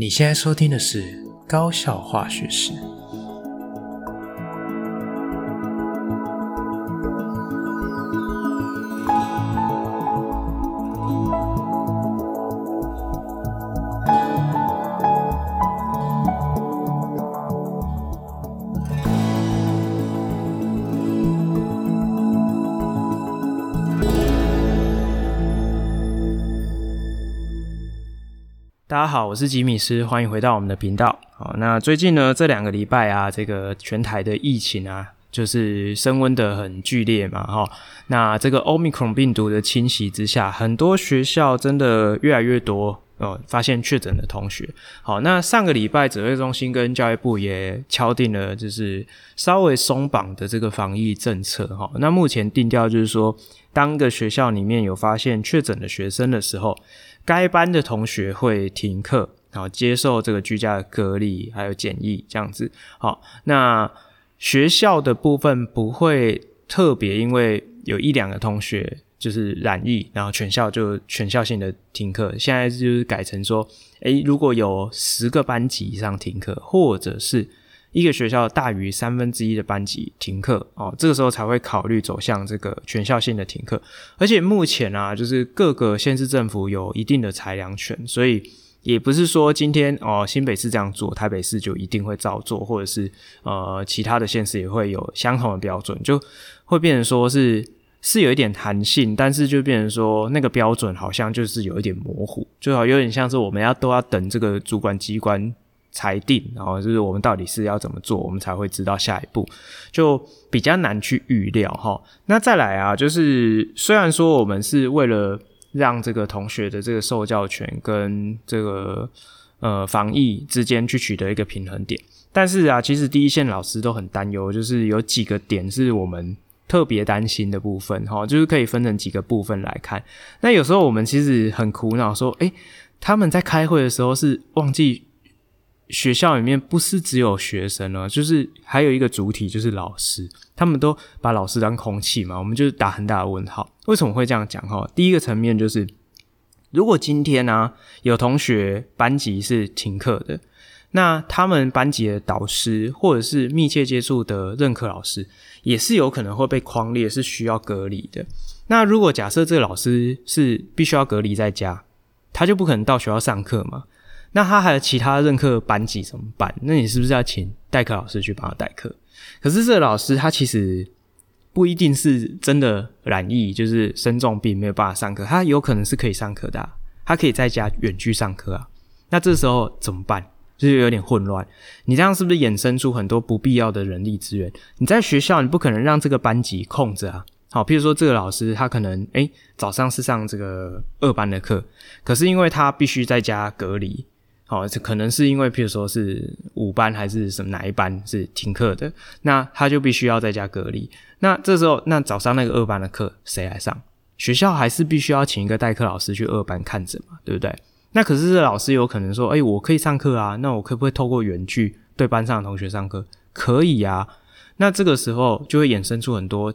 你現在收聽的是《高校化學事》。我是吉米師，歡迎回到我們的頻道。好，那最近呢，這兩個禮拜啊，這個全台的疫情啊，就是升溫得很劇烈嘛，哈。那這個奧密克戎病毒的侵襲之下，很多學校真的越來越多，哦，發現確診的同學，好，那上個禮拜指揮中心跟教育部也敲定了，就是稍微鬆綁的這個防疫政策哈。那目前定調就是說，當個學校裡面有發現確診的學生的時候，該班的同學會停課，然後接受這個居家的隔離還有檢疫這樣子。好，那學校的部分不會特別因為有一兩個同學。就是染疫，然後全校就全校性的停課。現在就是改成說，誒，如果有十個班級以上停課，或者是一個學校大於三分之一的班級停課，哦，這個時候才會考慮走向這個全校性的停課。而且目前啊，就是各個縣市政府有一定的裁量權，所以也不是說今天哦，新北市這樣做，台北市就一定會照做，或者是呃，其他的縣市也會有相同的標準，就會變成說是。是有一點彈性，但是就變成說那個標準好像就是有一點模糊，就好有點像是我們要都要等這個主管機關裁定，然後就是我們到底是要怎麼做，我們才會知道下一步，就比較難去預料齁。那再來啊，就是雖然說我們是為了讓這個同學的這個受教權跟這個呃防疫之間去取得一個平衡點，但是啊，其實第一線老師都很擔憂，就是有幾個點是我們。特別擔心的部分哈，就是可以分成幾個部分來看。那有時候我們其實很苦惱說，哎、欸，他們在開會的時候是忘記學校裡面不是只有學生了，就是還有一個主體就是老師，他們都把老師當空氣嘛，我們就是打很大的問號。為什麼會這樣講哈？第一個層面就是，如果今天呢、啊、有同學班級是停課的。那他們班級的導師，或者是密切接觸的任課老師，也是有可能會被匡列，是需要隔離的。那如果假設這個老師是必須要隔離在家，他就不可能到學校上課嘛。那他還有其他任課班級怎麼辦？那你是不是要請代課老師去幫他代課？可是這個老師他其實不一定是真的染疫，就是生重病沒有辦法上課，他有可能是可以上課的啊，他可以在家遠距上課啊。那這時候怎麼辦？就是有點混亂，你這樣是不是衍生出很多不必要的人力資源？你在學校，你不可能讓這個班級空着啊。好、哦，譬如說這個老師，他可能誒、欸、早上是上這個二班的課，可是因為他必須在家隔離，好、哦，可能是因為譬如說是五班還是什麼哪一班是停課的，那他就必須要在家隔離。那這時候，那早上那個二班的課誰來上？學校還是必須要請一個代課老師去二班看着嘛，對不對？那可是老師有可能說，哎、欸，我可以上課啊？那我可不可以透過遠距對班上的同學上課？可以啊。那這個時候就會衍生出很多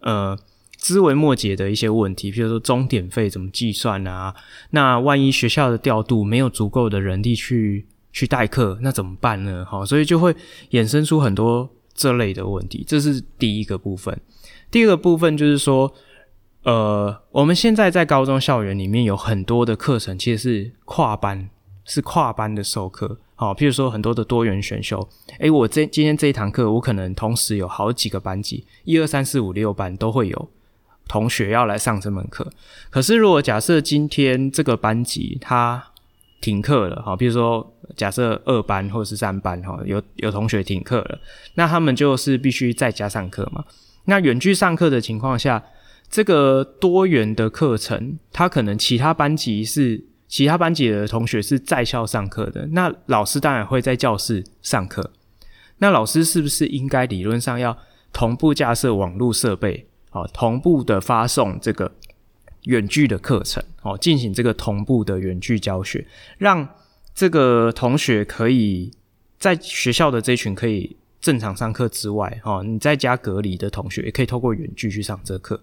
呃枝微末節的一些問題，比如說鐘點費怎麼計算啊？那萬一學校的調度沒有足夠的人力去去代課，那怎麼辦呢？好，所以就會衍生出很多這類的問題。這是第一個部分。第二個部分就是說。呃，我們現在在高中校園裡面有很多的課程，其實是跨班，是跨班的授課。好、哦，譬如說很多的多元選修，哎、欸，我這今天這一堂課，我可能同時有好幾個班級，一二三四五六班都會有同學要來上這門課。可是如果假設今天這個班級他停課了，哈、哦，譬如說假設二班或者是三班，哈、哦，有有同學停課了，那他們就是必須在家上課嘛。那遠距上課的情況下。這個多元的課程，他可能其他班級是其他班級的同學是在校上課的，那老師當然會在教室上課。那老師是不是應該理論上要同步架設網絡設備，哦，同步的發送這個遠距的課程，哦，進行這個同步的遠距教學，讓這個同學可以在學校的這群可以正常上課之外，哦，你在家隔離的同學也可以透過遠距去上這課。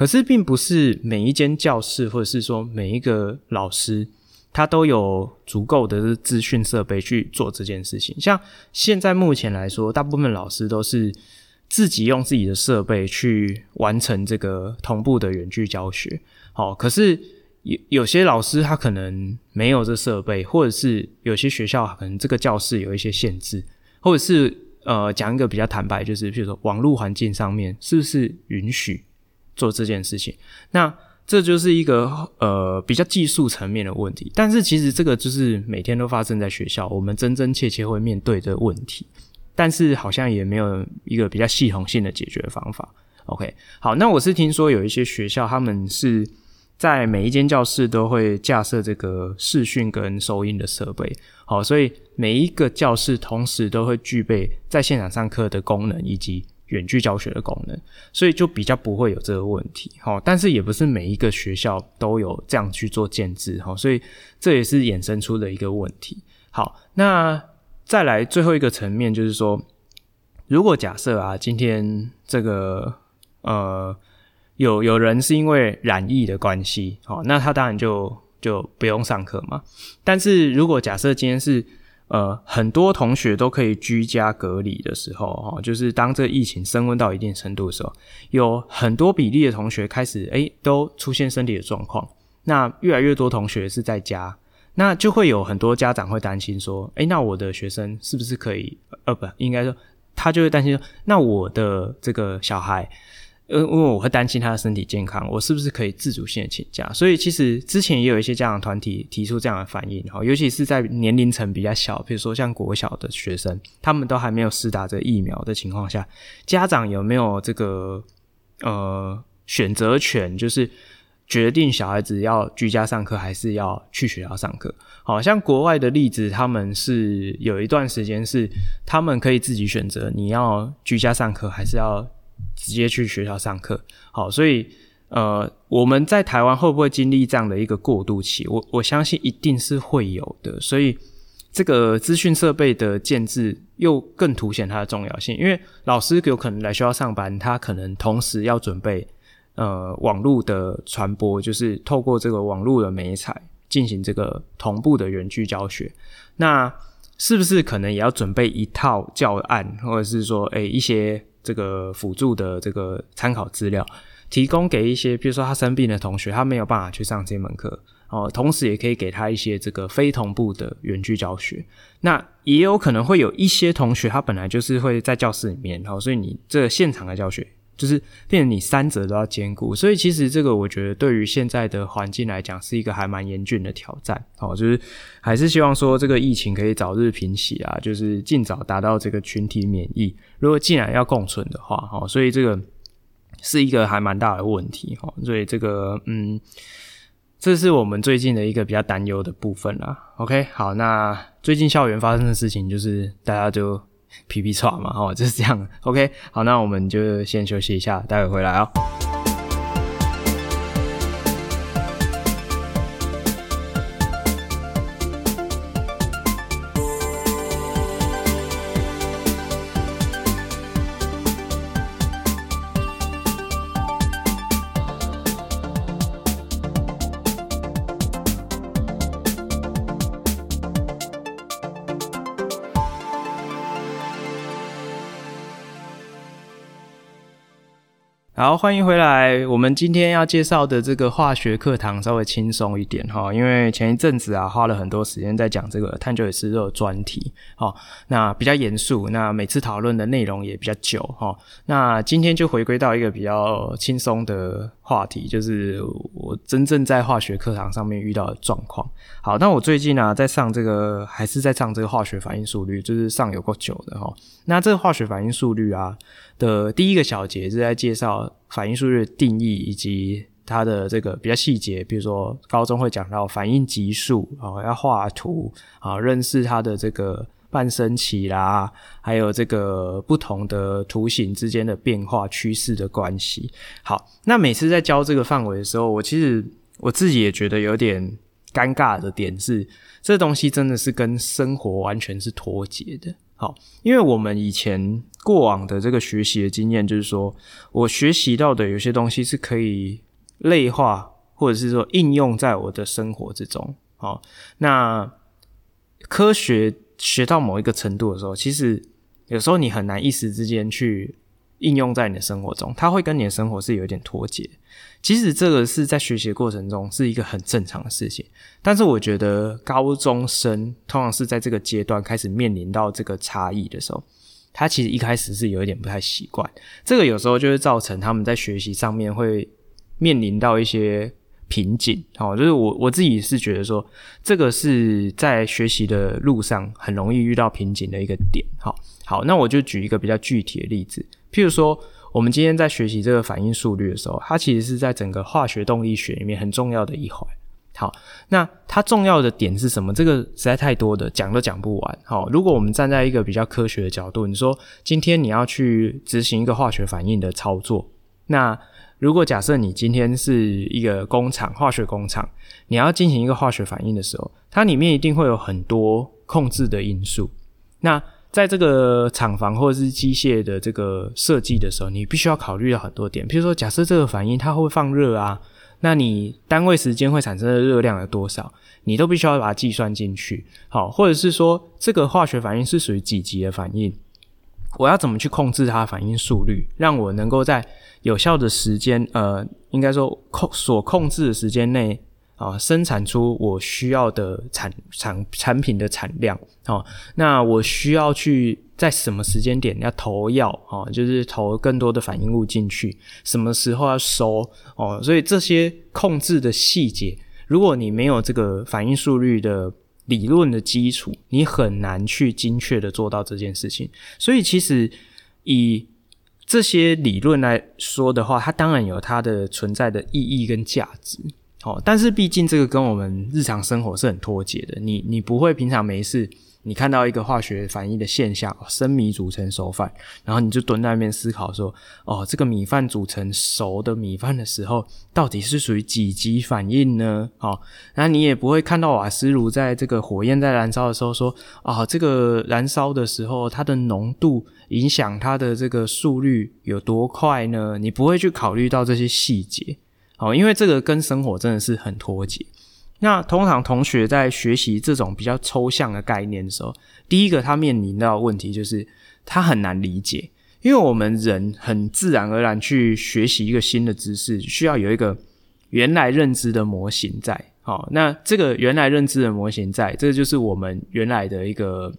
可是，並不是每一間教室，或者是說每一個老師，他都有足夠的資訊設備去做這件事情。像現在目前來說，大部分老師都是自己用自己的設備去完成這個同步的遠距教學。好，可是有有些老師他可能沒有這設備，或者是有些學校可能這個教室有一些限制，或者是呃，講一個比較坦白，就是譬如說網絡環境上面是不是允許？做這件事情，那這就是一個呃比較技術層面的問題。但是其實這個就是每天都發生在學校，我們真真切切會面對的問題。但是好像也沒有一個比較系統性的解決方法。OK，好，那我是聽說有一些學校他們是在每一間教室都會架設這個視訊跟收音的設備。好，所以每一個教室同時都會具備在現場上課的功能以及，遠距教學的功能，所以就比較不會有這個問題，哦，但是也不是每一個學校都有這樣去做建製，哦，所以這也是衍生出的一個問題。好，那再來最後一個層面，就是說，如果假設啊，今天這個呃，有有人是因為染疫的關係，好，那他當然就就不用上課嘛。但是如果假設今天是呃，很多同學都可以居家隔離的時候，哈，就是當這個疫情升溫到一定程度的時候，有很多比例的同學開始，誒、欸，都出現身體的狀況。那越來越多同學是在家，那就會有很多家長會擔心說，誒、欸，那我的學生是不是可以？呃，不應該說，他就會擔心說，那我的這個小孩。呃，因為我會擔心他的身體健康，我是不是可以自主性的請假？所以其實之前也有一些家長團體提出這樣的反應，哈，尤其是在年齡層比較小，比如說像國小的學生，他們都還沒有施打這個疫苗的情況下，家長有沒有這個呃選擇權？就是決定小孩子要居家上課還是要去學校上課？好像國外的例子，他們是有一段時間是他們可以自己選擇，你要居家上課還是要？直接去學校上課，好，所以呃，我們在台灣會不會經歷這樣的一個過渡期？我我相信一定是會有的。所以這個資訊設備的建置又更凸顯它的重要性，因為老師有可能來學校上班，他可能同時要準備呃網絡的傳播，就是透過這個網絡的媒材進行這個同步的遠距教學。那是不是可能也要準備一套教案，或者是說，誒、欸、一些？這個輔助的這個參考資料，提供給一些比如說他生病的同學，他沒有辦法去上這門課哦。同時也可以給他一些這個非同步的遠距教學。那也有可能會有一些同學，他本來就是會在教室裡面，然、哦、後所以你這個現場的教學。就是變成你三者都要兼顧，所以其實這個我覺得對於現在的環境來講是一個還蠻嚴峻的挑戰。哦，就是還是希望說這個疫情可以早日平息啊,就是盡早達到這個群體免疫。如果既然要共存的話，哦，所以這個是一個還蠻大的問題，哦，所以這個嗯，這是我們最近的一個比較擔憂的部分啦。OK，好，那最近校園發生的事情就是大家就。皮皮耍嘛，齁，就是這樣。OK，好，那我們就先休息一下，待會回來哦。歡迎回來，我們今天要介紹的這個化學課堂稍微輕鬆一點哈，因為前一陣子啊花了很多時間在講這個探究與實驗專題，哈，那比較嚴肅，那每次討論的內容也比較久哈，那今天就回歸到一個比較輕鬆的。話題就是我真正在化學課堂上面遇到的狀況。好，那我最近啊，在上這個還是在上這個化學反應速率，就是上有夠久的哈、哦。那這個化學反應速率啊的第一個小節是在介紹反應速率的定義以及它的這個比較細節，比如說高中會講到反應級數啊，要畫圖啊、哦，認識它的這個。半升起啦，還有這個不同的圖形之間的變化趨勢的關係。好，那每次在教這個範圍的時候，我其實我自己也覺得有點尷尬的點是，這東西真的是跟生活完全是脫節的。好，因為我們以前過往的這個學習的經驗，就是說我學習到的有些東西是可以類化，或者是說應用在我的生活之中。好，那科學。學到某一個程度的時候，其實有時候你很難一時之間去應用在你的生活中，它會跟你的生活是有一點脫節。其實這個是在學習的過程中是一個很正常的事情，但是我覺得高中生通常是在這個階段開始面臨到這個差異的時候，他其實一開始是有一點不太習慣，這個有時候就會造成他們在學習上面會面臨到一些瓶頸，好，就是我我自己是覺得說，這個是在學習的路上很容易遇到瓶頸的一個點，好，好，那我就舉一個比較具體的例子，譬如說，我們今天在學習這個反應速率的時候，它其實是在整個化學動力學裡面很重要的一環，好，那它重要的點是什麼？這個實在太多的講都講不完，好，如果我們站在一個比較科學的角度，你說今天你要去執行一個化學反應的操作，那如果假設你今天是一個工廠，化學工廠，你要進行一個化學反應的時候，它裡面一定會有很多控制的因素。那在這個廠房或者是機械的這個設計的時候，你必須要考慮到很多點。譬如說，假設這個反應它會放熱啊，那你單位時間會產生的熱量有多少，你都必須要把它計算進去。好，或者是說，這個化學反應是屬於幾級的反應，我要怎麼去控制它的反應速率，讓我能夠在有效的時間，呃，應該說控所控制的時間內啊，生產出我需要的產產產品的產量啊、哦，那我需要去在什麼時間點要投藥啊、哦，就是投更多的反應物進去，什麼時候要收哦。所以這些控制的細節，如果你沒有這個反應速率的理論的基礎，你很難去精確的做到這件事情。所以其實以這些理論來說的話，它當然有它的存在的意義跟價值，哦。但是畢竟這個跟我們日常生活是很脫節的，你你不會平常沒事。你看到一個化學反應的現象，生米煮成熟飯，然後你就蹲在那邊思考說：“哦，這個米飯煮成熟的米飯的時候，到底是屬於幾級反應呢？”哦，那你也不會看到瓦斯爐在這個火焰在燃燒的時候說：“哦，這個燃燒的時候，它的濃度影響它的這個速率有多快呢？”你不會去考慮到這些細節，哦，因為這個跟生活真的是很脫節。那通常同學在學習這種比較抽象的概念的時候，第一個他面臨到的問題就是他很難理解，因為我們人很自然而然去學習一個新的知識，需要有一個原來認知的模型在，哦。那這個原來認知的模型在，這就是我們原來的一個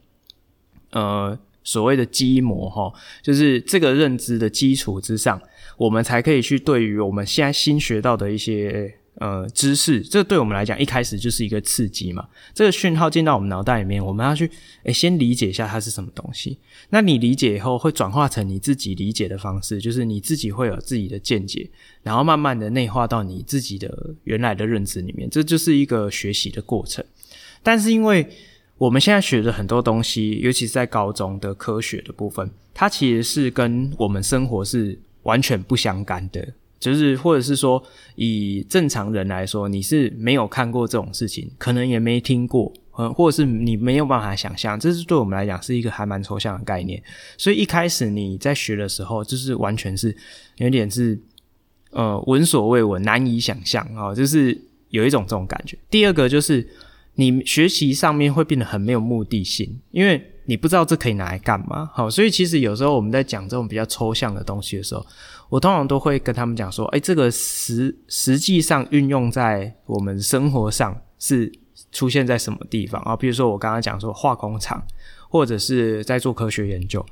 呃所謂的基模，哦，就是這個認知的基礎之上，我們才可以去對於我們現在新學到的一些。呃，知識，這對我們來講一開始就是一個刺激嘛。這個訊號進到我們腦袋裡面，我們要去誒先理解一下它是什麼東西。那你理解以後會轉化成你自己理解的方式，就是你自己會有自己的見解，然後慢慢的內化到你自己的原來的認知裡面，這就是一個學習的過程。但是因為我們現在學的很多東西，尤其是在高中的科學的部分，它其實是跟我們生活是完全不相干的。就是，或者是說，以正常人來說，你是沒有看過這種事情，可能也沒聽過，或者是你沒有辦法想象這是對我們來講是一個還蠻抽象的概念。所以一開始你在學的時候，就是完全是有點是呃聞所未聞、難以想象，哦，就是有一種這種感覺。第二個就是你學習上面會變得很沒有目的性，因為你不知道這可以拿來幹嘛。哦，所以其實有時候我們在講這種比較抽象的東西的時候。我通常都會跟他們講說，哎，這個實實際上運用在我們生活上是出現在什麼地方啊？比如說我剛剛講說化工廠，或者是在做科學研究，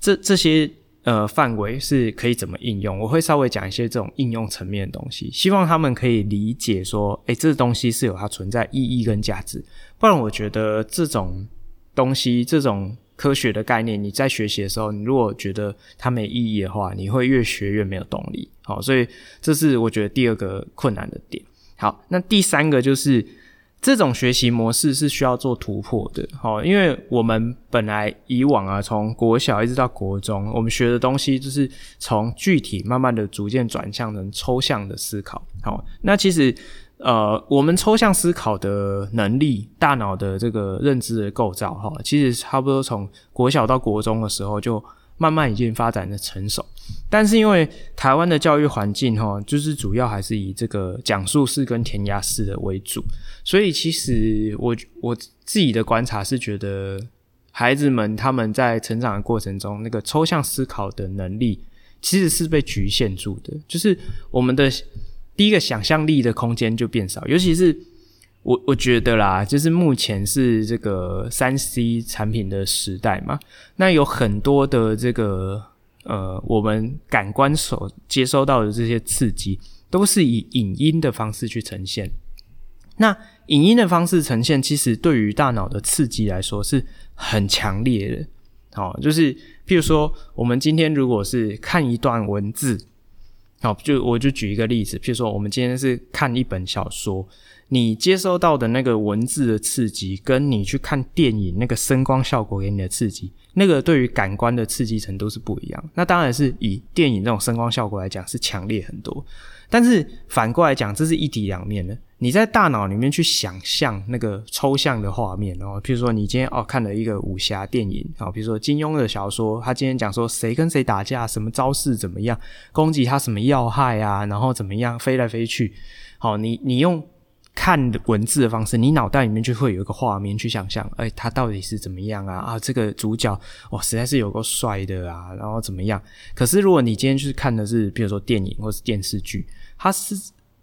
這這些呃範圍是可以怎麼應用？我會稍微講一些這種應用層面的東西，希望他們可以理解說，誒，這東西是有它存在意義跟價值，不然我覺得這種東西這種。科學的概念，你在學習的時候，你如果覺得它沒意義的話，你會越學越沒有動力。好，所以這是我覺得第二個困難的點。好，那第三個就是這種學習模式是需要做突破的。好，因為我們本來以往啊，從國小一直到國中，我們學的東西就是從具體慢慢的逐漸轉向成抽象的思考。好，那其實。呃，我們抽象思考的能力，大腦的這個認知的構造，哈，其實差不多從國小到國中的時候就慢慢已經發展得成熟。但是因為台灣的教育環境，哈，就是主要還是以這個講述式跟填鴨式的為主，所以其實我我自己的觀察是覺得，孩子們他們在成長的過程中，那個抽象思考的能力其實是被局限住的，就是我們的。第一個想象力的空間就變少，尤其是我我覺得啦，就是目前是這個 3C 產品的時代嘛，那有很多的這個呃，我們感官所接收到的這些刺激，都是以影音的方式去呈現。那影音的方式呈現，其實對於大腦的刺激來說是很強烈的。好，就是譬如說，我們今天如果是看一段文字。好，就我就舉一個例子，比如說我們今天是看一本小說，你接收到的那個文字的刺激，跟你去看電影那個聲光效果給你的刺激，那個對於感官的刺激程度是不一樣。那當然是以電影這種聲光效果來講是強烈很多，但是反過來講，這是一體兩面的。你在大腦裡面去想象那個抽象的畫面，然後比如說你今天哦看了一個武俠電影啊，然後比如說金庸的小說，他今天講說誰跟誰打架，什麼招式怎麼樣，攻擊他什麼要害啊，然後怎麼樣飛來飛去，好、哦，你你用看的文字的方式，你腦袋裡面就會有一個畫面去想象，誒、哎，他到底是怎麼樣啊？啊，這個主角哦，實在是有夠帥的啊，然後怎麼樣？可是如果你今天去看的是比如說電影或是電視劇，它是。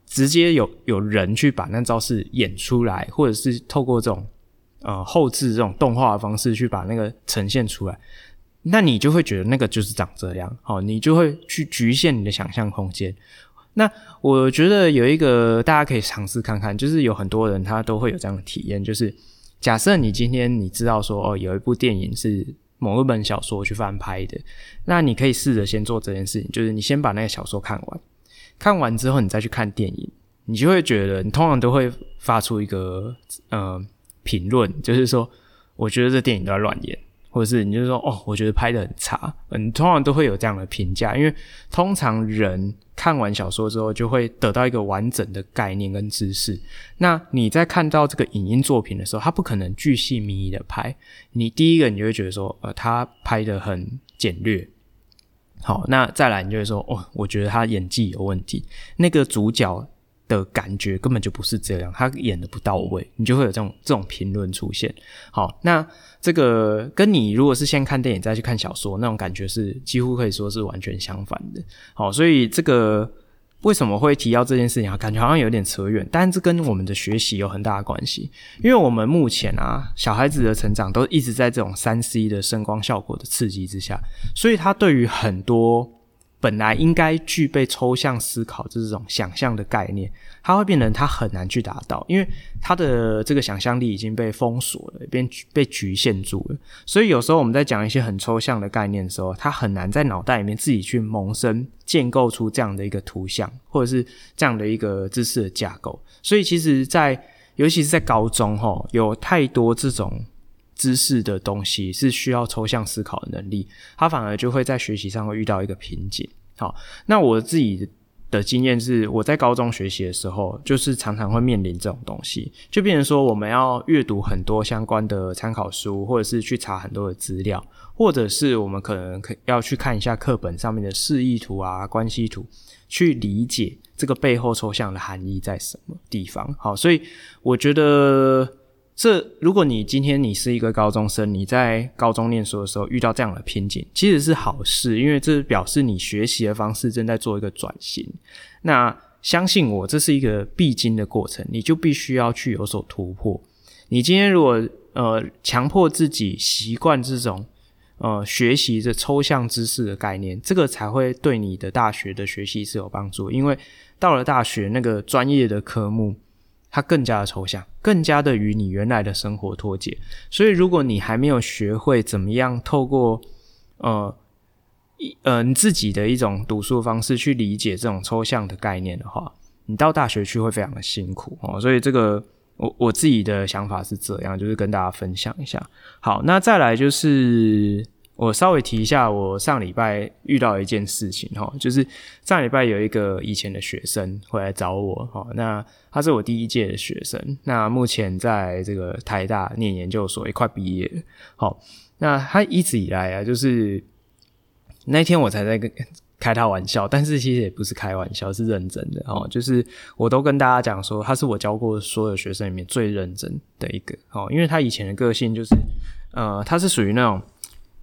直接有有人去把那招式演出來，或者是透過這種呃後製這種動畫的方式去把那個呈現出來，那你就會覺得那個就是長這樣哦，你就會去局限你的想象空間。那我覺得有一個大家可以嘗試看看，就是有很多人他都會有這樣的體驗，就是假設你今天你知道說哦有一部電影是某一本小說去翻拍的，那你可以試着先做這件事情，就是你先把那個小說看完。看完之後，你再去看電影，你就會覺得，你通常都會發出一個呃評論，就是說，我覺得這電影都在亂演，或者是你就說，哦，我覺得拍得很差，你、嗯、通常都會有這樣的評價，因為通常人看完小說之後，就會得到一個完整的概念跟知識。那你在看到這個影音作品的時候，它不可能巨細靡遺的拍，你第一個你就會覺得說，呃，它拍得很簡略。好，那再來你就會說哦，我覺得他演技有問題，那個主角的感覺根本就不是這樣，他演得不到位，你就會有這種這種評論出現。好，那這個跟你如果是先看電影再去看小說，那種感覺是幾乎可以說是完全相反的。好，所以這個。為什麼會提到這件事情啊？感覺好像有點扯遠，但是這跟我們的學習有很大的關係。因為我們目前啊，小孩子的成長都一直在這種三 C 的聲光效果的刺激之下，所以他對於很多本來應該具備抽象思考，就是這種想象的概念。他會變成他很難去達到，因為他的這個想象力已經被封鎖了，被被侷限住了。所以有時候我們在講一些很抽象的概念的時候，他很難在腦袋裡面自己去萌生、建構出這樣的一個圖像，或者是這樣的一個知識的架構。所以其實在，在尤其是在高中吼，有太多這種知識的東西是需要抽象思考的能力，他反而就會在學習上會遇到一個瓶頸。好，那我自己。的經驗是，我在高中學習的時候，就是常常會面臨這種東西，就變成說，我們要閱讀很多相關的參考書，或者是去查很多的資料，或者是我們可能要去看一下課本上面的示意圖啊、關係圖，去理解這個背後抽象的含義在什麼地方。好，所以我覺得。這，如果你今天你是一個高中生，你在高中念書的時候遇到這樣的瓶頸，其實是好事，因為這表示你學習的方式正在做一個轉型。那相信我，這是一個必經的過程，你就必須要去有所突破。你今天如果呃強迫自己習慣這種呃學習這抽象知識的概念，這個才會對你的大學的學習是有幫助，因為到了大學那個專業的科目。它更加的抽象，更加的與你原來的生活脫節。所以，如果你還沒有學會怎麼樣透過，呃，一呃你自己的一種讀書方式去理解這種抽象的概念的話，你到大學去會非常的辛苦哦。所以，這個我我自己的想法是這樣，就是跟大家分享一下。好，那再來就是。我稍微提一下，我上禮拜遇到一件事情哈，就是上禮拜有一個以前的學生回來找我哈。那他是我第一屆的學生，那目前在這個台大念研究所也快畢業了。好，那他一直以來啊，就是那天我才在跟開他玩笑，但是其實也不是開玩笑，是認真的哦。就是我都跟大家講說，他是我教過所有學生裡面最認真的一個哦，因為他以前的個性就是呃，他是屬於那種。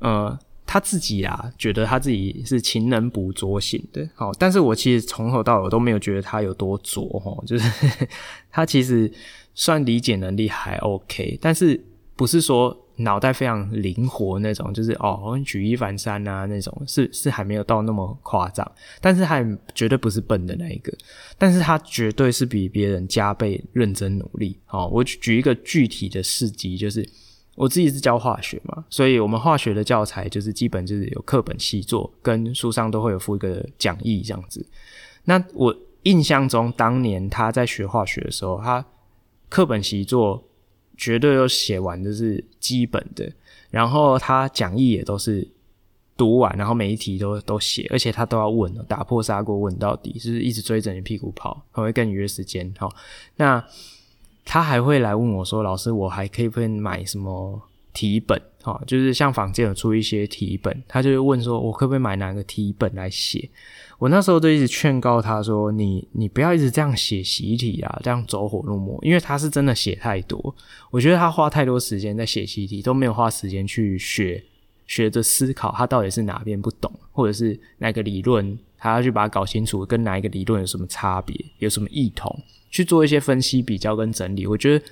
呃，他自己啊，覺得他自己是勤能補拙型的。哦，但是我其實從頭到尾都沒有覺得他有多拙哦，就是呵呵，他其實算理解能力還 OK，但是不是說腦袋非常靈活那種，就是哦舉一反三啊那種，是是還沒有到那麼誇張。但是他絕對不是笨的那一個，但是他絕對是比別人加倍認真努力。好、哦，我舉一個具體的事蹟，就是。我自己是教化學嘛，所以我們化學的教材就是基本就是有課本習作跟書上都會有附一個講義這樣子。那我印象中，當年他在學化學的時候，他課本習作絕對都寫完就是基本的，然後他講義也都是讀完，然後每一題都都寫，而且他都要問、哦、打破砂鍋問到底，就是一直追着你屁股跑，很會跟你約的時間哈那。他還會來問我說：“老師，我還可以不可以買什麼題本？哈、啊，就是像坊間有出一些題本，他就會問說，我可不可以買哪個題本來寫？我那時候就一直勸告他說：你你不要一直這樣寫習題啊，這樣走火入魔。因為他是真的寫太多，我覺得他花太多時間在寫習題，都沒有花時間去學學着思考，他到底是哪邊不懂，或者是哪個理論，他要去把它搞清楚，跟哪一個理論有什麼差別，有什麼異同。”去做一些分析、比較跟整理，我覺得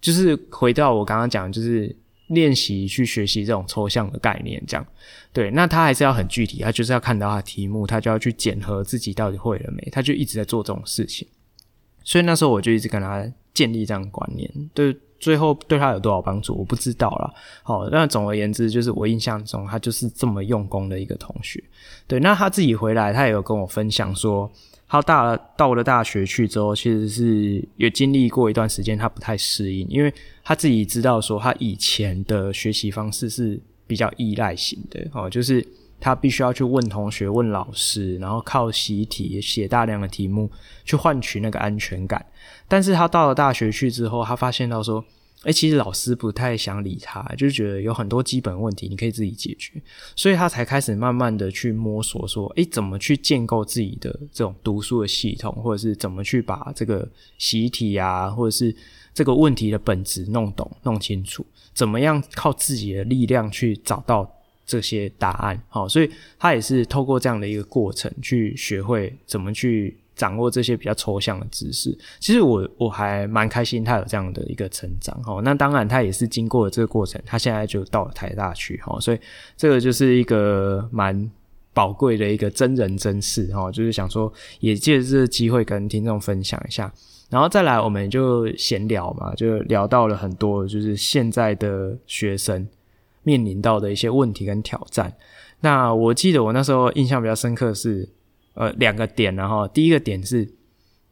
就是回到我剛剛講，就是練習去學習這種抽象的概念，這樣對。那他還是要很具體，他就是要看到他的題目，他就要去檢核自己到底會了沒，他就一直在做這種事情。所以那時候我就一直跟他建立這樣的觀念，對，最後對他有多少幫助，我不知道啦。好，那總而言之，就是我印象中他就是這麼用功的一個同學。對，那他自己回來，他也有跟我分享說。他大到，到了大學去之後，其實是也經歷過一段時間，他不太適應，因為他自己知道說，他以前的學習方式是比較依賴型的哦，就是他必須要去問同學、問老師，然後靠習題寫大量的題目去換取那個安全感。但是他到了大學去之後，他發現到說。哎，其實老師不太想理他，就是覺得有很多基本問題你可以自己解決，所以他才開始慢慢的去摸索，說，哎，怎麼去建構自己的這種讀書的系統，或者是怎麼去把這個習題啊，或者是這個問題的本質弄懂、弄清楚，怎麼樣靠自己的力量去找到這些答案。好，哦，所以他也是透過這樣的一個過程去學會怎麼去。掌握這些比較抽象的知識，其實我我還蠻開心，他有這樣的一個成長哈。那當然，他也是經過了這個過程，他現在就到了台大去哈。所以這個就是一個蠻寶貴的一個真人真事哈。就是想說，也借着這個機會跟聽眾分享一下。然後再來，我們就閒聊嘛，就聊到了很多，就是現在的學生面臨到的一些問題跟挑戰。那我記得我那時候印象比較深刻的是。呃，兩個點，然後第一個點是，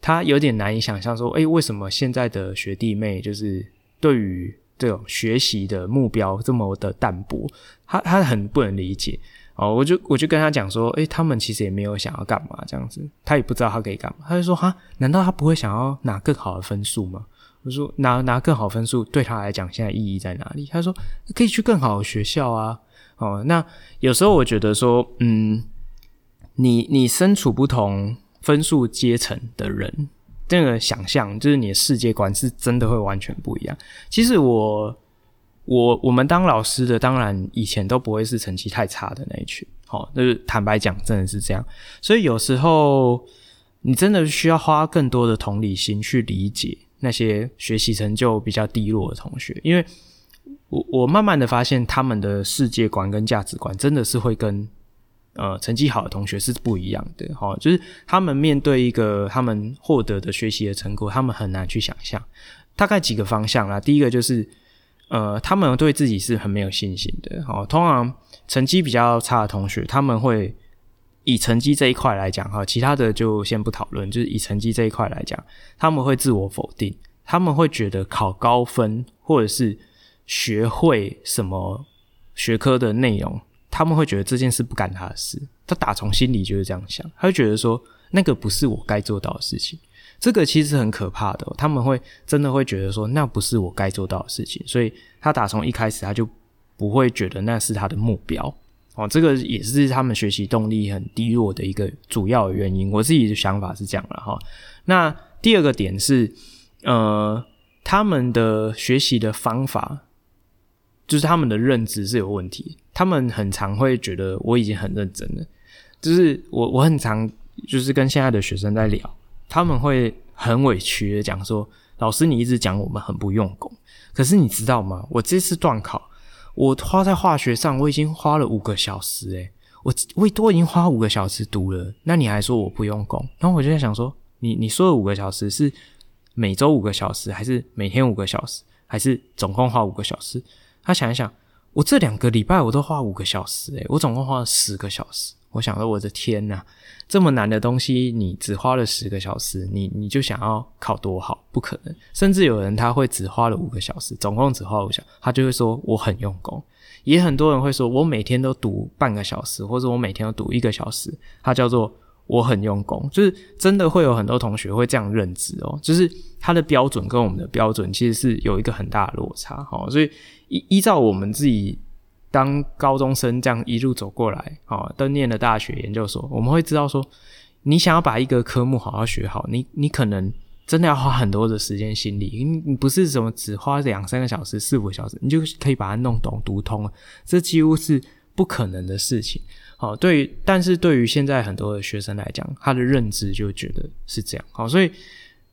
他有點難以想象說，誒，為什麼現在的學弟妹就是對於這種學習的目標這麼的淡薄？他他很不能理解哦。我就我就跟他講說，誒，他們其實也沒有想要幹嘛這樣子，他也不知道他可以幹嘛。他就說哈，難道他不會想要拿更好的分數嗎？我說拿拿更好的分數對他來講現在意義在哪裡？他說可以去更好的學校啊。哦，那有時候我覺得說，嗯。你你身處不同分數階層的人，那個想象就是你的世界觀是真的會完全不一樣。其實我我我們當老師的，當然以前都不會是成績太差的那一群，好、哦，那就是、坦白講，真的是這樣。所以有時候你真的需要花更多的同理心去理解那些學習成就比較低落的同學，因為我我慢慢的發現他們的世界觀跟價值觀真的是會跟。呃，成績好的同學是不一樣的，哈，就是他們面對一個他們獲得的學習的成果，他們很難去想象。大概幾個方向啦、啊，第一個就是，呃，他們對自己是很沒有信心的，哦，通常成績比較差的同學，他們會以成績這一塊來講，哈，其他的就先不討論，就是以成績這一塊來講，他們會自我否定，他們會覺得考高分或者是學會什麼學科的內容。他們會覺得這件事不干他的事，他打從心裡就是這樣想，他會覺得說那個不是我該做到的事情，這個其實很可怕的哦，他們會真的會覺得說那不是我該做到的事情，所以他打從一開始他就不會覺得那是他的目標哦，這個也是他們學習動力很低落的一個主要原因，我自己的想法是這樣了哈。哦。那第二個點是，呃，他們的學習的方法。就是他們的認知是有問題，他們很常會覺得我已經很認真了。就是我我很常就是跟現在的學生在聊，他們會很委屈地講說：“老師，你一直講我們很不用功，可是你知道嗎？我這次段考，我花在化學上我已經花了五個小時、欸，誒，我我都已經花五個小時讀了，那你還說我不用功？然後我就在想說，你你說的五個小時是每週五個小時，還是每天五個小時，還是總共花五個小時？”他想一想，我這兩個禮拜我都花五個小時，誒，我總共花了十個小時。我想說，我的天吶啊，這麼難的東西，你只花了十個小時，你你就想要考多好？不可能。甚至有人他會只花了五個小時，總共只花五小時，他就會說我很用功。也很多人會說我每天都讀半個小時，或者我每天都讀一個小時。他叫做。我很用功，就是真的會有很多同學會這樣認知哦，就是他的標準跟我們的標準其實是有一個很大的落差哦。所以依依照我們自己當高中生這樣一路走過來哦，都念了大學、研究所，我們會知道說，你想要把一個科目好好學好，你你可能真的要花很多的時間、心力，你你不是什麼只花兩三個小時、四五個小時，你就可以把它弄懂、讀通了，這幾乎是不可能的事情，好、哦、對於，但是對於現在很多的學生來講，他的認知就覺得是這樣，好、哦，所以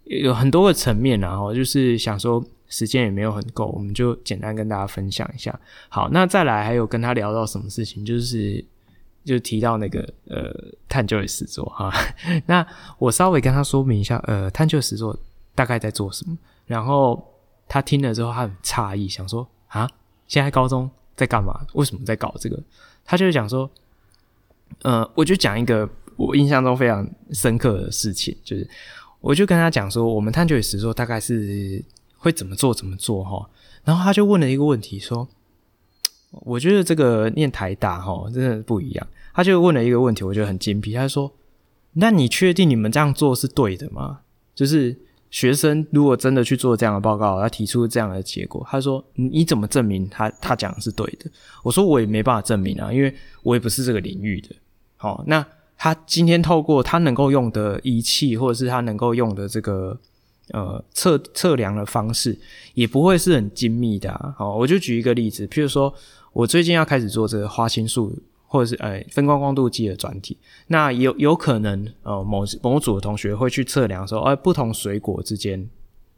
有很多個層面、啊，然、哦、後就是想說時間也沒有很夠，我們就簡單跟大家分享一下。好，那再來還有跟他聊到什麼事情，就是就提到那個呃探究實作哈，啊、 那我稍微跟他說明一下，呃，探究實作大概在做什麼，然後他聽了之後，他很詫異，想說啊，現在高中在幹嘛？為什麼在搞這個？他就講說，呃，我就講一個我印象中非常深刻的事情，就是我就跟他講說，我們探究時說大概是會怎麼做怎麼做哈。然後他就問了一個問題，說，我覺得這個念台大哈真的不一樣。他就問了一個問題，我覺得很精闢，他就說：“那你確定你們這樣做是對的嗎？”就是。學生如果真的去做這樣的報告，他提出這樣的結果，他說：“你怎麼證明他他講的是對的？”我說：“我也沒辦法證明啊，因為我也不是這個領域的。”好，那他今天透過他能夠用的儀器，或者是他能夠用的這個呃測測量的方式，也不會是很精密的啊。好，我就舉一個例子，譬如說我最近要開始做這個花青素。或者是誒、欸、分光光度計的轉體，那有有可能呃某某組的同學會去測量說，誒、欸、不同水果之間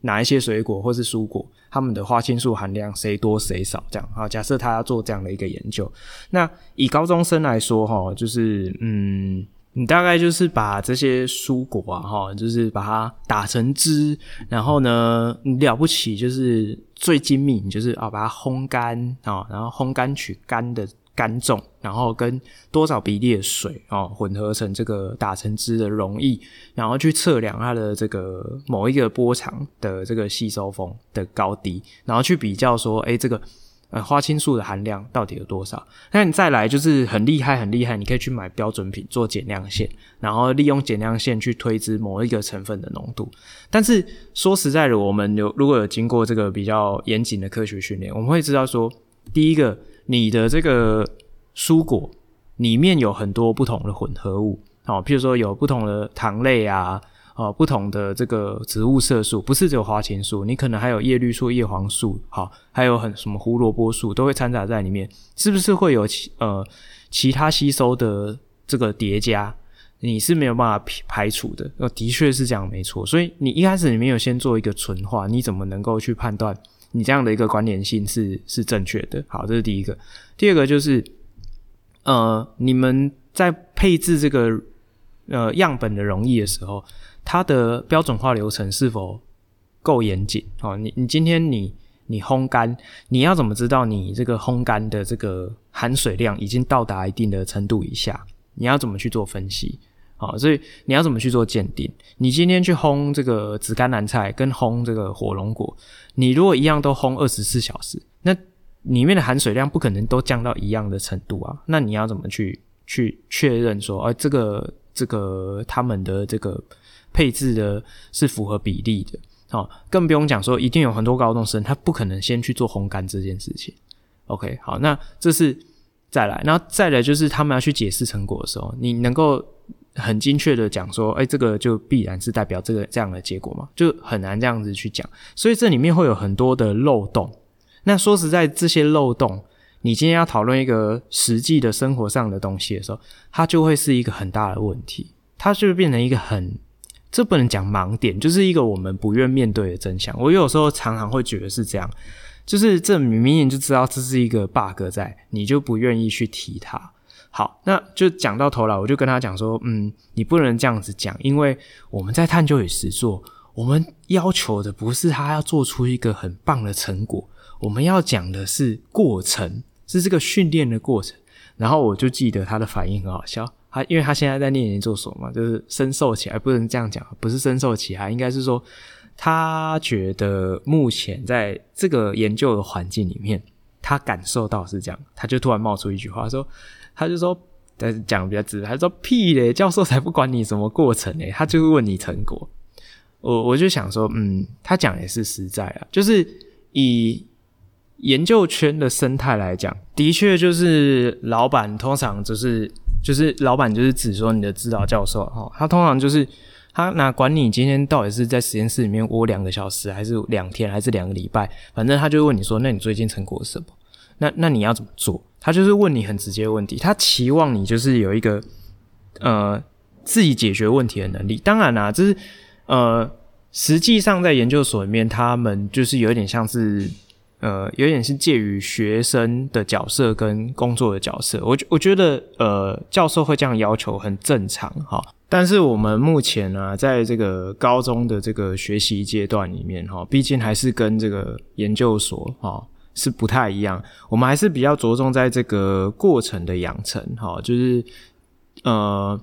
哪一些水果或是蔬果它們的花青素含量誰多誰少這樣。好、哦，假設他要做這樣的一個研究，那以高中生來說哈、哦，就是嗯，你大概就是把這些蔬果啊哈、哦，就是把它打成汁，然後呢你了不起就是最精密就是啊、哦、把它烘乾啊、哦，然後烘乾取乾的。乾重，然後跟多少比例的水哦混合成這個打成汁的溶液，然後去測量它的這個某一個波長的這個吸收峰的高低，然後去比較說，哎，這個、呃、花青素的含量到底有多少？那你再來就是很厲害很厲害，你可以去買標準品做檢量線，然後利用檢量線去推知某一個成分的濃度。但是說實在的，我們有如果有經過這個比較嚴謹的科學訓練，我們會知道說，第一個。你的這個蔬果裡面有很多不同的混合物，好、哦，譬如說有不同的糖類啊，啊、哦，不同的這個植物色素，不是只有花青素，你可能還有葉綠素、葉黃素，好、哦，還有很什麼胡蘿蔔素都會摻雜在裡面，是不是會有其呃其他吸收的這個疊加？你是沒有辦法排除的，呃、哦，的確是這樣，沒錯。所以你一開始你沒有先做一個純化，你怎麼能夠去判斷？你這樣的一個關聯性是是正確的。好，這是第一個。第二個就是，呃，你們在配置這個呃樣本的溶液的時候，它的標準化流程是否夠嚴謹？哦，你你今天你你烘乾，你要怎麼知道你這個烘乾的這個含水量已經到達一定的程度以下？你要怎麼去做分析？好，所以你要怎麼去做鑑定？你今天去烘這個紫甘藍菜，跟烘這個火龍果，你如果一樣都烘二十四小時，那裡面的含水量不可能都降到一樣的程度啊。那你要怎麼去去確認說，呃、哦，這個這個他們的這個配置的是符合比例的？好、哦，更不用講說，一定有很多高中生他不可能先去做烘乾這件事情。OK，好，那這是再來，然後再來就是他們要去解釋成果的時候，你能夠。很精確的講說，哎、欸，這個就必然是代表這個這樣的結果嘛？就很難這樣子去講，所以這裡面會有很多的漏洞。那說實在，這些漏洞，你今天要討論一個實際的生活上的東西的時候，它就會是一個很大的問題，它就變成一個很，這不能講盲點，就是一個我們不願面對的真相。我有時候常常會覺得是這樣，就是這明明就知道這是一個 bug 在，你就不願意去提它。好，那就講到頭了。我就跟他講說，嗯，你不能這樣子講，因為我們在探究與實作，我們要求的不是他要做出一個很棒的成果，我們要講的是過程，是這個訓練的過程。然後我就記得他的反應很好笑，他因為他現在在念研究所嘛，就是深受其害，不能這樣講，不是深受其害，應該是說他覺得目前在這個研究的環境裡面，他感受到是這樣，他就突然冒出一句話說。他就說，但是講比較直，他說屁嘞，教授才不管你什麼過程嘞，他就會問你成果。我我就想說，嗯，他講也是實在啊，就是以研究圈的生態來講，的確就是老闆通常就是就是老闆就是指說你的指導教授哦，他通常就是他哪管你今天到底是在實驗室裡面窩兩個小時，還是兩天，還是兩個禮拜，反正他就問你說，那你最近成果是什麼？那那你要怎麼做？他就是問你很直接的問題，他期望你就是有一個呃自己解決問題的能力。當然啦、啊，就是呃實際上在研究所裡面，他們就是有點像是呃有點是介於學生的角色跟工作的角色。我我覺得呃教授會這樣要求很正常哈。但是我們目前呢、啊，在這個高中的這個學習階段裡面哈，畢竟還是跟這個研究所哈，齁是不太一樣，我們還是比較着重在這個過程的養成，哈，就是呃，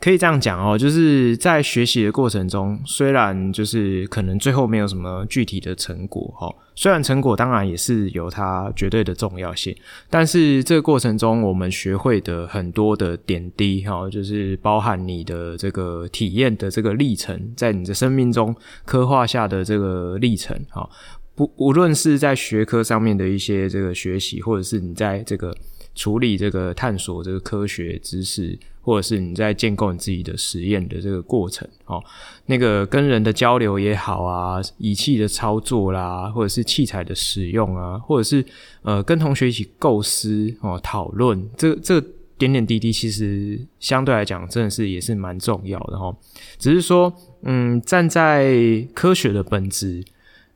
可以這樣講哦，就是在學習的過程中，雖然就是可能最後沒有什麼具體的成果，哈，雖然成果當然也是有它絕對的重要性，但是這個過程中我們學會的很多的點滴，哈，就是包含你的這個體驗的這個歷程，在你的生命中刻畫下的這個歷程，哈。不，無論是在學科上面的一些這個學習，或者是你在這個處理、這個探索這個科學知識，或者是你在建構你自己的實驗的這個過程，哦，那個跟人的交流也好啊，儀器的操作啦，或者是器材的使用啊，或者是呃跟同學一起構思哦討論，這這點點滴滴其實相對來講真的是也是蠻重要的哦。只是說，嗯，站在科學的本質，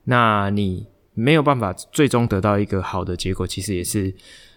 那你沒有辦法最終得到一個好的結果，其實也是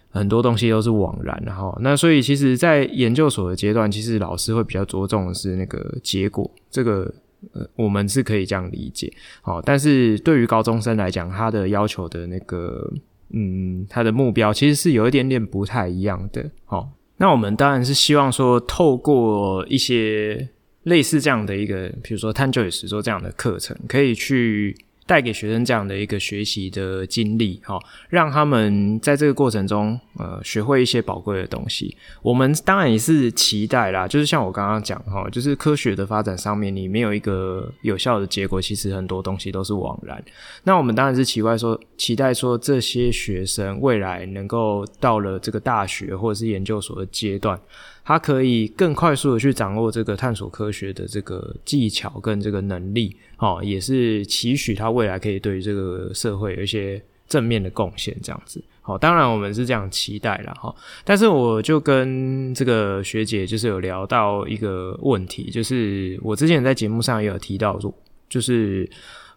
很多東西都是枉然，哈。那所以，其實，在研究所的階段，其實老師會比較着重的是那個結果，這個、呃、我們是可以這樣理解，好。但是對於高中生來講，他的要求的那個，嗯，他的目標其實是有一點點不太一樣的，好。那我們當然是希望說，透過一些類似這樣的一個，比如說探究與實作這樣的課程，可以去。帶給學生這樣的一個學習的經歷，哈、哦，讓他們在這個過程中，呃，學會一些寶貴的東西。我們當然也是期待啦，就是像我剛剛講，哈、哦，就是科學的發展上面，你沒有一個有效的結果，其實很多東西都是枉然。那我們當然是期待說，期待說這些學生未來能夠到了這個大學或者是研究所的階段，他可以更快速的去掌握這個探索科學的這個技巧跟這個能力。哦，也是期許他未來可以對於這個社會有一些正面的貢獻，這樣子。好，當然我們是這樣期待了哈。但是我就跟這個學姐就是有聊到一個問題，就是我之前在節目上也有提到，說就是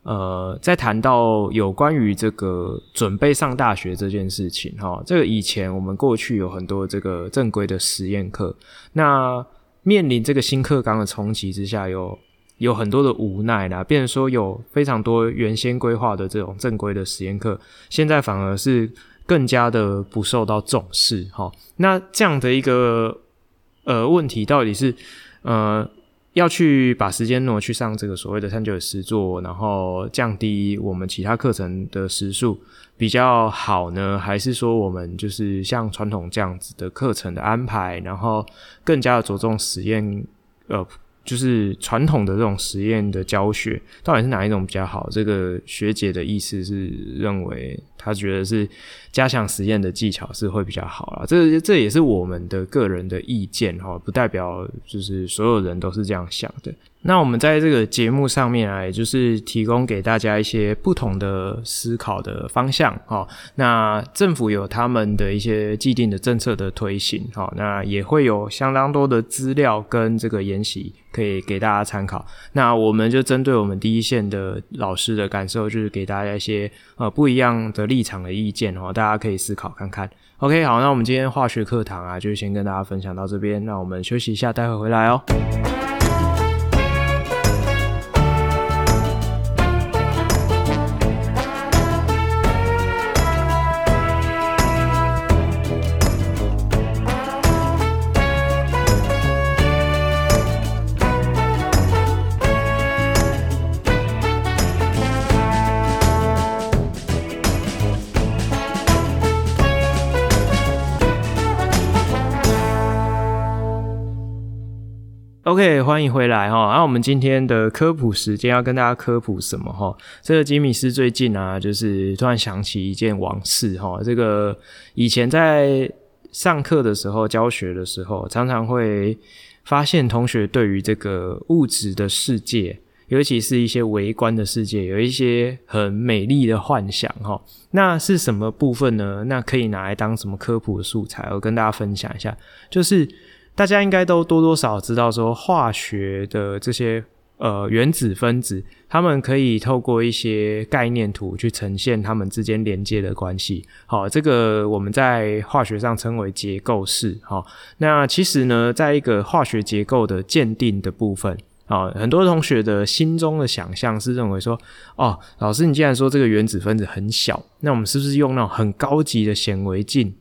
呃，在談到有關於這個準備上大學這件事情哈，這個以前我們過去有很多這個正規的實驗課，那面臨這個新課綱的衝擊之下又。有很多的無奈啦，變成說有非常多原先規劃的這種正規的實驗課，現在反而是更加的不受到重視。哈，那這樣的一個呃問題，到底是呃要去把時間挪去上這個所謂的探究實做，然後降低我們其他課程的時數比較好呢，還是說我們就是像傳統這樣子的課程的安排，然後更加的着重實驗呃？就是傳統的這種實驗的教學，到底是哪一種比較好？這個學姐的意思是認為。他覺得是加強實驗的技巧是會比較好啦，這這也是我們的個人的意見哈、喔，不代表就是所有人都是這樣想的。那我們在這個節目上面啊，也就是提供給大家一些不同的思考的方向哈、喔。那政府有他們的一些既定的政策的推行哈、喔，那也會有相當多的資料跟這個研習可以給大家參考。那我們就針對我們第一線的老師的感受，就是給大家一些。呃，不一樣的立場的意見哦，大家可以思考看看。OK，好，那我們今天化學課堂啊，就先跟大家分享到這邊。那我們休息一下，待會回來哦、喔。歡迎回來哈！那、啊、我們今天的科普時間要跟大家科普什麼哈？這個吉米師最近啊，就是突然想起一件往事哈。這個以前在上課的時候，教學的時候，常常會發現同學對於這個物質的世界，尤其是一些微觀的世界，有一些很美麗的幻想哈。那是什麼部分呢？那可以拿來當什麼科普素材？我跟大家分享一下，就是。大家應該都多多少知道說化學的這些呃原子、分子，它們可以透過一些概念圖去呈現它們之間連接的關係。好、哦，這個我們在化學上稱為結構式。哈、哦，那其實呢，在一個化學結構的鑑定的部分啊、哦，很多同學的心中的想象是認為說，哦，老師你既然說這個原子分子很小，那我們是不是用那種很高級的顯微鏡？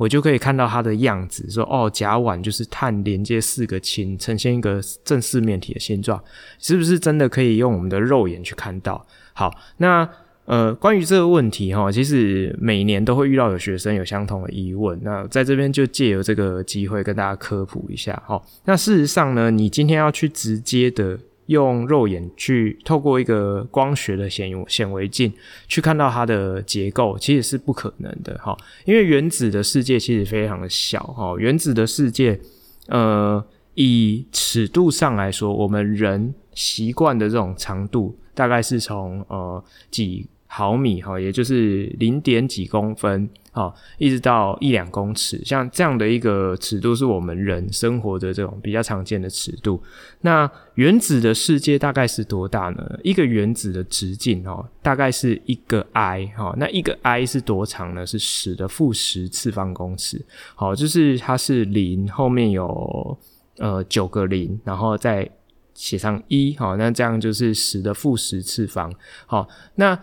我就可以看到它的樣子，說哦，甲烷，就是碳連接四個氫，呈現一個正四面體的形狀，是不是真的可以用我們的肉眼去看到？好，那呃，關於這個問題哈，其實每年都會遇到有學生有相同的疑問，那在這邊就借由這個機會跟大家科普一下。好，那事實上呢，你今天要去直接的。用肉眼去透過一個光學的顯微顯微鏡去看到它的結構，其實是不可能的哈。因為原子的世界其實非常的小哈，原子的世界，呃，以尺度上來說，我們人習慣的這種長度，大概是從呃幾。毫米哈，哦，也就是零點幾公分哈，哦，一直到一兩公尺，像這樣的一個尺度，是我們人生活的這種比較常見的尺度。那原子的世界大概是多大呢？一個原子的直徑哦，大概是一個埃，哦。哈，那一個埃是多長呢？是十的負十次方公尺。好，哦，就是它是零後面有呃九個零，然後再寫上一好，哦，那這樣就是十的負十次方。好，哦，那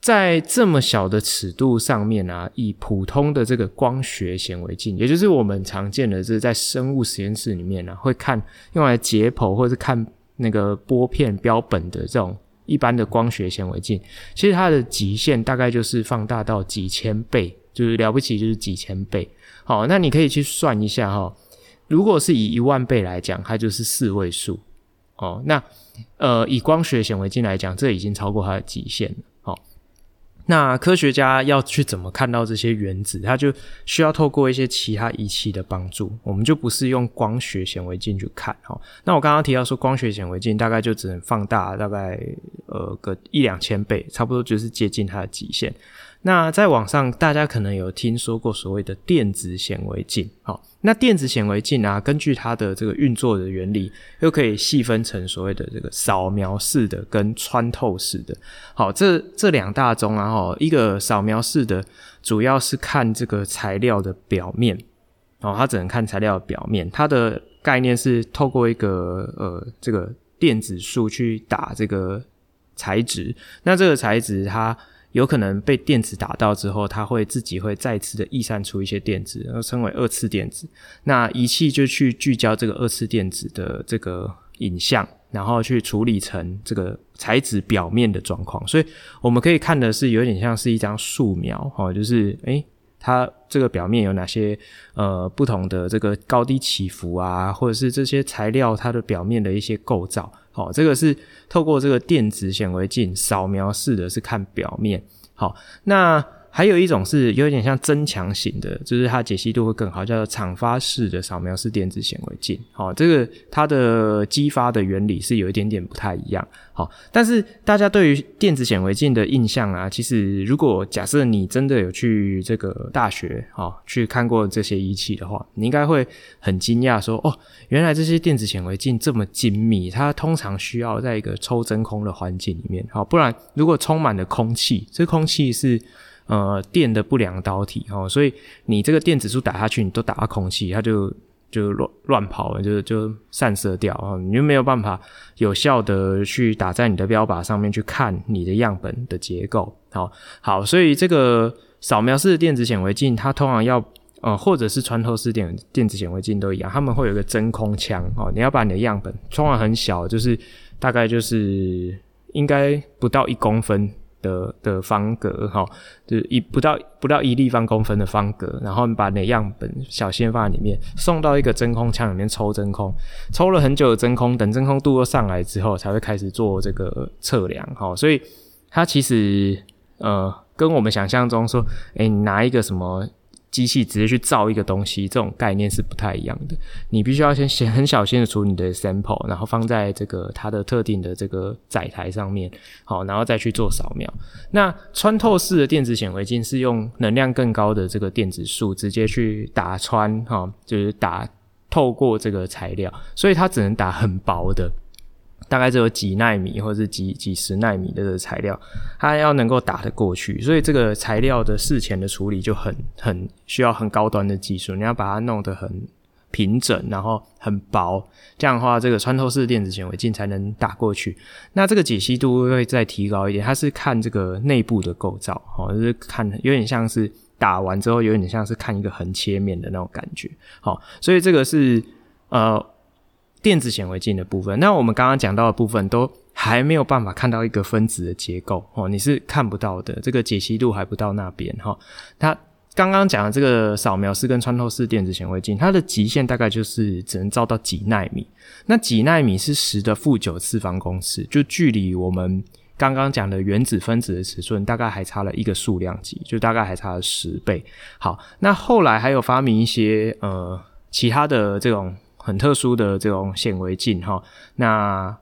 在這麼小的尺度上面啊，以普通的這個光學顯微鏡，也就是我們常見的，這在生物實驗室裡面呢、啊，會看用來解剖或者是看那個玻片標本的這種一般的光學顯微鏡，其實它的極限大概就是放大到幾千倍，就是了不起，就是幾千倍。好，那你可以去算一下哈、哦，如果是以一萬倍來講，它就是四位數哦。那呃，以光學顯微鏡來講，這已經超過它的極限了。那科學家要去怎麼看到這些原子？他就需要透過一些其他儀器的幫助。我們就不是用光學顯微鏡去看哈。那我剛剛提到說，光學顯微鏡大概就只能放大大概呃，個一兩千倍，差不多就是接近它的極限。那在網上，大家可能有聽說過所謂的電子顯微鏡，哦，那電子顯微鏡啊，根據它的這個運作的原理，又可以細分成所謂的這個掃描式的跟穿透式的。好，哦，這這兩大種啊，一個掃描式的，主要是看這個材料的表面，哦，它只能看材料的表面，它的概念是透過一個呃，這個電子束去打這個。材質，那這個材質它有可能被電子打到之後，它會自己會再次的逸散出一些電子，然後稱為二次電子。那儀器就去聚焦這個二次電子的這個影像，然後去處理成這個材質表面的狀況。所以我們可以看的是有點像是一張素描，哈、哦，就是誒、欸，它這個表面有哪些呃不同的這個高低起伏啊，或者是這些材料它的表面的一些構造。好、哦，這個是透過這個電子顯微鏡掃描式的是看表面。好、哦，那。還有一種是有點像增強型的，就是它解析度會更好，叫做場發式的掃描式電子顯微鏡。好、哦，這個它的激發的原理是有一點點不太一樣。好、哦，但是大家對於電子顯微鏡的印象啊，其實如果假設你真的有去這個大學啊、哦、去看過這些儀器的話，你應該會很驚訝說哦，原來這些電子顯微鏡這麼精密，它通常需要在一個抽真空的環境裡面、哦。不然如果充滿了空氣，這空氣是呃，電的不良導體哦，所以你這個電子束打下去，你都打到空氣，它就就亂亂跑了，就就散射掉，然、哦、你就沒有辦法有效的去打在你的標靶上面，去看你的樣本的結構。好、哦、好，所以這個掃描式的電子顯微鏡它通常要呃，或者是穿透式電電子顯微鏡都一樣，它們會有一個真空腔哦，你要把你的樣本通常很小，就是大概就是應該不到一公分。的的方格哈、哦，就一不到不到一立方公分的方格，然後你把那樣本小心放在裡面，送到一個真空腔裡面抽真空，抽了很久的真空，等真空度又上來之後，才會開始做這個測量哈、哦。所以它其實呃，跟我們想象中說，誒，你拿一個什麼？機器直接去造一個東西，這種概念是不太一樣的。你必須要先很小心的處理你的 sample，然後放在這個它的特定的這個載台上面，好，然後再去做掃描。那穿透式的電子顯微鏡是用能量更高的這個電子束直接去打穿，哈，就是打透過這個材料，所以它只能打很薄的。大概只有幾奈米或者是幾幾十奈米的這個材料，它要能夠打得過去，所以這個材料的事前的處理就很很需要很高端的技術。你要把它弄得很平整，然後很薄，這樣的話，這個穿透式電子顯微鏡才能打過去。那這個解析度會再提高一點，它是看這個內部的構造，好、哦，就是看有點像是打完之後有點像是看一個橫切面的那種感覺。好、哦，所以這個是呃。電子顯微鏡的部分，那我們剛剛講到的部分都還沒有辦法看到一個分子的結構哦，你是看不到的，這個解析度還不到那邊哈、哦。它剛剛講的這個掃描式跟穿透式電子顯微鏡，它的極限大概就是只能照到幾奈米。那幾奈米是十的負九次方公尺，就距離我們剛剛講的原子分子的尺寸，大概還差了一個數量級，就大概還差了十倍。好，那後來還有發明一些呃其他的這種。很特殊的這種顯微鏡哈，那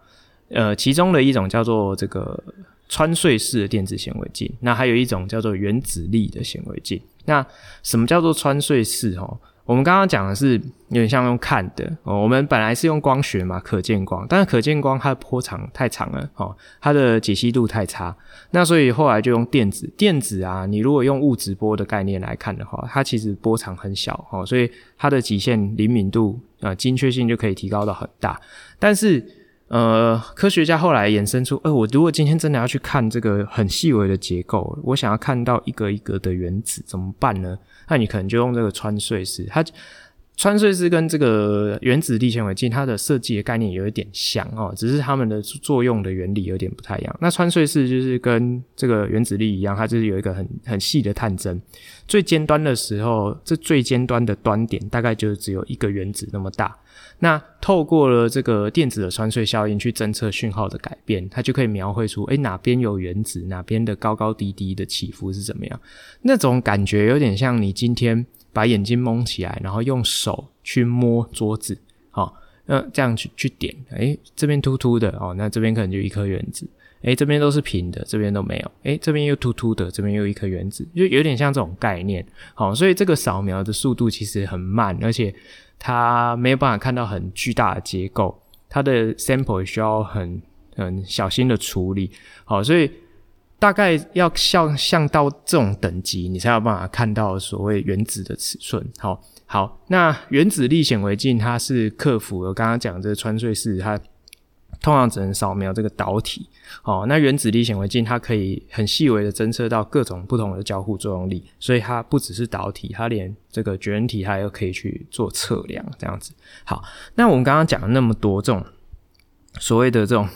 呃，其中的一種叫做這個穿碎式的電子顯微鏡，那還有一種叫做原子力的顯微鏡。那什麼叫做穿碎式哈？我們剛剛講的是有點像用看的哦，我們本來是用光學嘛，可見光，但是可見光它的波長太長了哦，它的解析度太差，那所以後來就用電子，電子啊，你如果用物質波的概念來看的話，它其實波長很小哦，所以它的極限靈敏度啊、精確性就可以提高到很大，但是。呃，科學家後來衍生出，哎、欸，我如果今天真的要去看這個很細微的結構，我想要看到一個一個的原子，怎麼辦呢？那你可能就用這個穿隧式，它。穿隧式跟這個原子力顯微鏡它的設計的概念有一點像哦，只是它們的作用的原理有點不太一樣。那穿隧式就是跟這個原子力一樣，它就是有一個很很細的探針，最尖端的時候，這最尖端的端點大概就只有一個原子那麼大。那透過了這個電子的穿隧效應去偵測訊號的改變，它就可以描繪出，誒、欸，哪邊有原子，哪邊的高高低低的起伏是怎麼樣？那種感覺有點像你今天。把眼睛蒙起來，然後用手去摸桌子，好，那這樣去去點，哎，這邊凸凸的，哦，那這邊可能就一顆原子，哎，這邊都是平的，這邊都沒有，哎，這邊又凸凸的，這邊又一顆原子，就有點像這種概念，好，所以這個掃描的速度其實很慢，而且它沒有辦法看到很巨大的結構，它的 sample 需要很很小心的處理，好，所以。大概要像像到這種等級，你才有辦法看到所謂原子的尺寸。好，好，那原子力顯微鏡它是克服了剛剛講的這個穿隧式它通常只能掃描這個導體。好，那原子力顯微鏡它可以很細微的偵測到各種不同的交互作用力，所以它不只是導體，它連這個絕緣體它也可以去做測量。這樣子，好，那我們剛剛講了那麼多這種所謂的這種。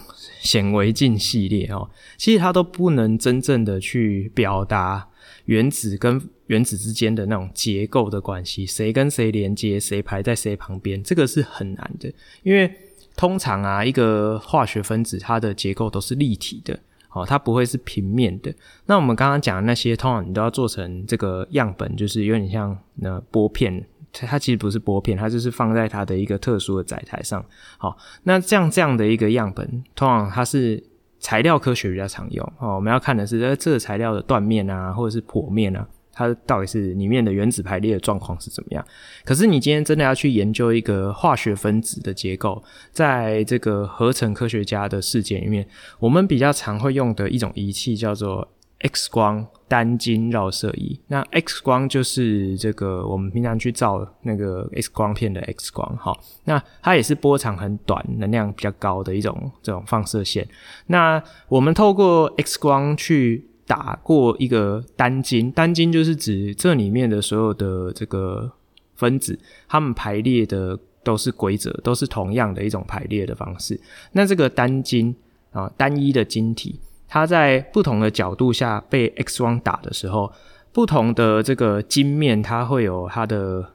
顯微鏡系列哦、喔，其實它都不能真正的去表達原子跟原子之間的那種結構的關係，誰跟誰連接，誰排在誰旁邊，這個是很難的。因為通常啊，一個化學分子它的結構都是立體的，哦、喔，它不會是平面的。那我們剛剛講的那些，通常你都要做成這個樣本，就是有點像那玻片。它其實不是玻片，它就是放在它的一個特殊的載台上。好，那這樣這樣的一個樣本，通常它是材料科學比較常用哦。我們要看的是，呃，這個材料的斷面啊，或者是剖面啊，它到底是裡面的原子排列的狀況是怎麼樣？可是你今天真的要去研究一個化學分子的結構，在這個合成科學家的世界裡面，我們比較常會用的一種儀器叫做。X 光單晶繞射儀，那 X 光就是這個我們平常去照那個 X 光片的 X 光，好，那它也是波長很短、能量比較高的一種這種放射線。那我們透過 X 光去打過一個單晶，單晶就是指這裡面的所有的這個分子，它們排列的都是規則，都是同樣的一種排列的方式。那這個單晶啊，單一的晶體。它在不同的角度下被 X 光打的時候，不同的這個晶面，它會有它的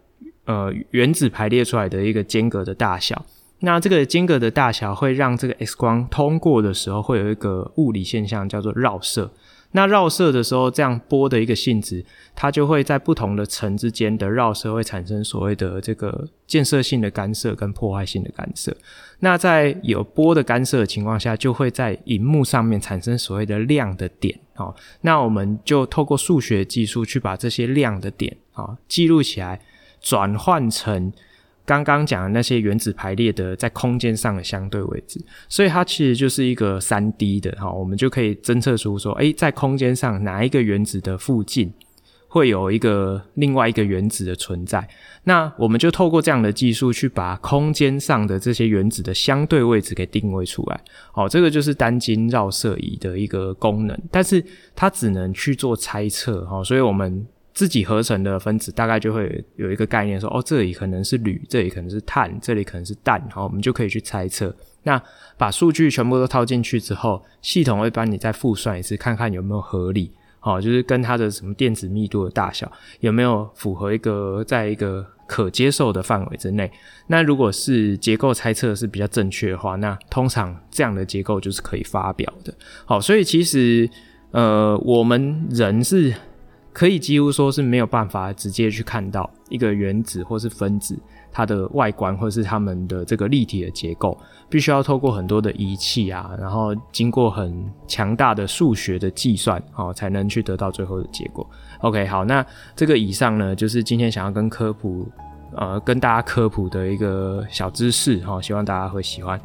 呃原子排列出來的一個間隔的大小。那這個間隔的大小會讓這個 X 光通過的時候，會有一個物理現象叫做繞射。那繞射的時候，這樣波的一個性質，它就會在不同的層之間的繞射會產生所謂的這個建設性的干涉跟破壞性的干涉。那在有波的干涉的情況下，就會在熒幕上面產生所謂的亮的點。哦，那我們就透過數學技術去把這些亮的點啊，哦，記錄起來，轉換成。剛剛講的那些原子排列的在空間上的相對位置，所以它其實就是一個三 D 的哈，我們就可以偵測出說，哎，在空間上哪一個原子的附近會有一個另外一個原子的存在，那我們就透過這樣的技術去把空間上的這些原子的相對位置給定位出來。好，這個就是單晶繞射儀的一個功能，但是它只能去做猜測。好，所以我們。自己合成的分子大概就會有一個概念說，說哦，這裡可能是鋁，這裡可能是碳，這裡可能是氮，好，我們就可以去猜測。那把數據全部都套進去之後，系統會幫你再複算一次，看看有沒有合理，好，就是跟它的什麼電子密度的大小有沒有符合一個在一個可接受的範圍之內。那如果是結構猜測是比較正確的話，那通常這樣的結構就是可以發表的。好，所以其實呃，我們人是。可以幾乎說是沒有辦法直接去看到一個原子或是分子它的外觀，或者是它們的這個立體的結構，必須要透過很多的儀器啊，然後經過很強大的數學的計算，哦，才能去得到最後的結果。OK，好，那這個以上呢，就是今天想要跟科普，呃，跟大家科普的一個小知識，哈、哦，希望大家會喜歡。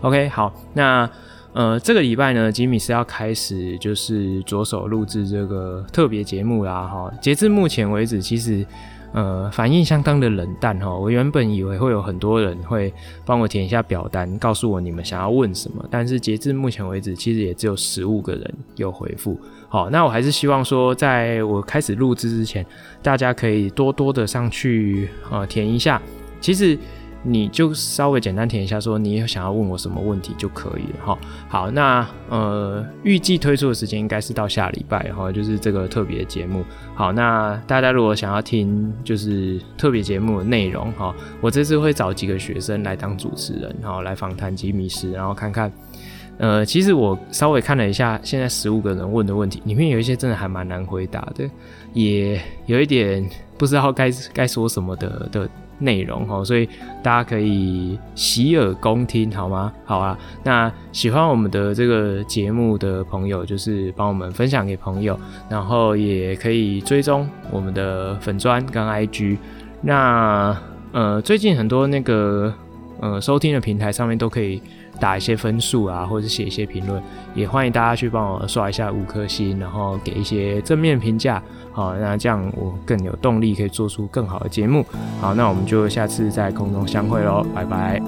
OK，好，那。呃，這個禮拜呢，吉米師要開始就是着手錄制這個特別節目啦，哈。截至目前為止，其實呃反應相當的冷淡，哈。我原本以為會有很多人會幫我填一下表單，告訴我你們想要問什麼，但是截至目前為止，其實也只有十五個人有回復。好，那我還是希望說，在我開始錄制之前，大家可以多多的上去呃，填一下。其實。你就稍微簡單填一下，說你想要問我什麼問題就可以了哈。好，那呃，預計推出的時間應該是到下禮拜，哈，就是這個特別節目。好，那大家如果想要聽就是特別節目的內容哈，我這次會找幾個學生來當主持人，然後來訪談吉米師，然後看看呃，其實我稍微看了一下，現在十五個人問的問題，裡面有一些真的還蠻難回答的，也有一點不知道該該說什麼的的。內容，所以大家可以洗耳恭聽好嗎？好啊，那喜歡我們的這個節目的朋友，就是幫我們分享給朋友，然後也可以追蹤我們的粉專跟 IG。那呃，最近很多那個呃收聽的平台上面都可以。打一些分數啊，或者寫一些評論，也歡迎大家去幫我刷一下五顆星，然後給一些正面評價，好，那這樣我更有動力可以做出更好的節目。好，那我們就下次在空中相會嘍，拜拜。